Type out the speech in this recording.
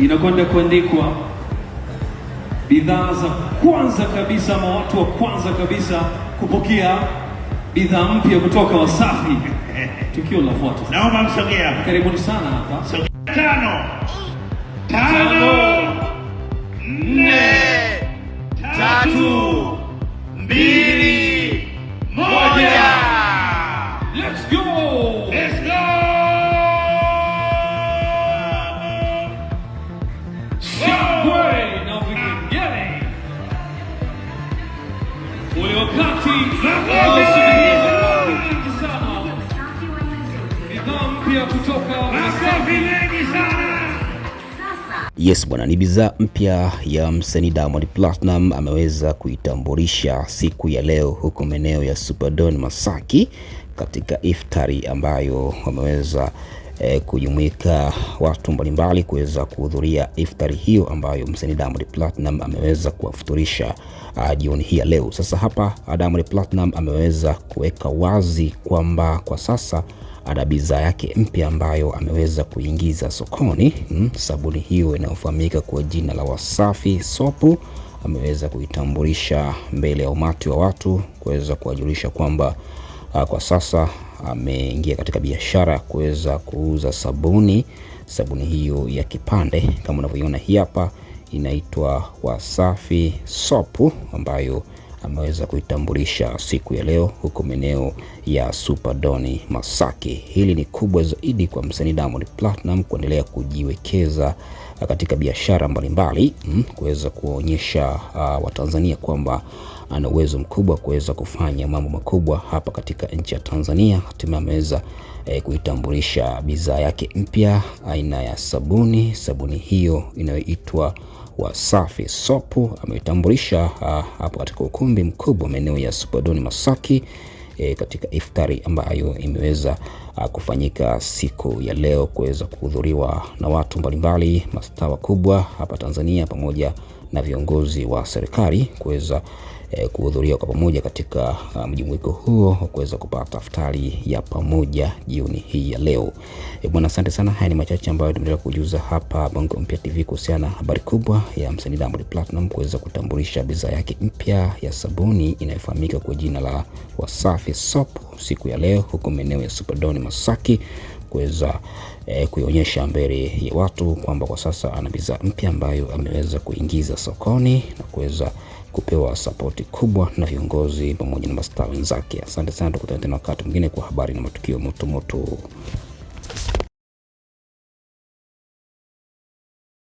inakwenda kuandikwa bidhaa za kwanza kabisa ama watu wa kwanza kabisa kupokea bidhaa mpya kutoka Wasafi. Tukio linafuata, naomba msogea. Karibuni sana hapa. tano tano nne tatu Yes bwana, ni bidhaa mpya ya msanii Diamond Platinum ameweza kuitambulisha siku ya leo huko maeneo ya Superdon Masaki katika iftari ambayo wameweza e, kujumuika watu mbalimbali kuweza kuhudhuria iftari hiyo ambayo msanii Diamond Platinum ameweza kuwafuturisha ah, jioni hii ya leo. Sasa hapa ah, Diamond Platinum ameweza kuweka wazi kwamba kwa sasa ana bidhaa yake mpya ambayo ameweza kuingiza sokoni mm, sabuni hiyo inayofahamika kwa jina la Wasafi Sopu ameweza kuitambulisha mbele ya umati wa watu kuweza kuwajulisha kwamba ah, kwa sasa ameingia katika biashara ya kuweza kuuza sabuni. Sabuni hiyo ya kipande kama unavyoiona hii hapa inaitwa Wasafi Sopu ambayo ameweza kuitambulisha siku ya leo huko maeneo ya Superdoni Masaki. Hili ni kubwa zaidi kwa msanii Diamond Platinum kuendelea kujiwekeza uh, katika biashara mbalimbali, mm, kuweza kuwaonyesha uh, Watanzania kwamba ana uwezo mkubwa kuweza kufanya mambo makubwa hapa katika nchi ya Tanzania. Hatimaye ameweza eh, kuitambulisha bidhaa yake mpya aina ya sabuni, sabuni hiyo inayoitwa Wasafi Sopu ameitambulisha ah, hapo katika ukumbi mkubwa maeneo ya supadoni Masaki e, katika iftari ambayo imeweza ah, kufanyika siku ya leo kuweza kuhudhuriwa na watu mbalimbali, mastaa wakubwa hapa Tanzania pamoja na viongozi wa serikali kuweza eh, kuhudhuria kwa pamoja katika uh, mjumuiko huo wa kuweza kupata iftari ya pamoja jioni hii ya leo. Eh, bwana, asante sana. Haya ni machache ambayo tumeendelea kujuza hapa Bongo Mpya TV kuhusiana na habari kubwa ya msanii Diamond Platinum kuweza kutambulisha bidhaa yake mpya ya sabuni inayofahamika kwa jina la Wasafi Soap siku ya leo huko maeneo ya Superdoni Masaki kuweza eh, kuionyesha mbele ya watu kwamba kwa sasa ana bidhaa mpya ambayo ameweza kuingiza sokoni na kuweza kupewa sapoti kubwa na viongozi pamoja na mastaa wenzake. Asante sana, tukutane tena wakati mwingine kwa habari na matukio motomoto.